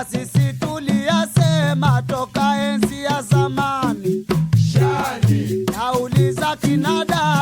na sisi tuliyasema toka enzi ya zamani. Shani nauliza kinada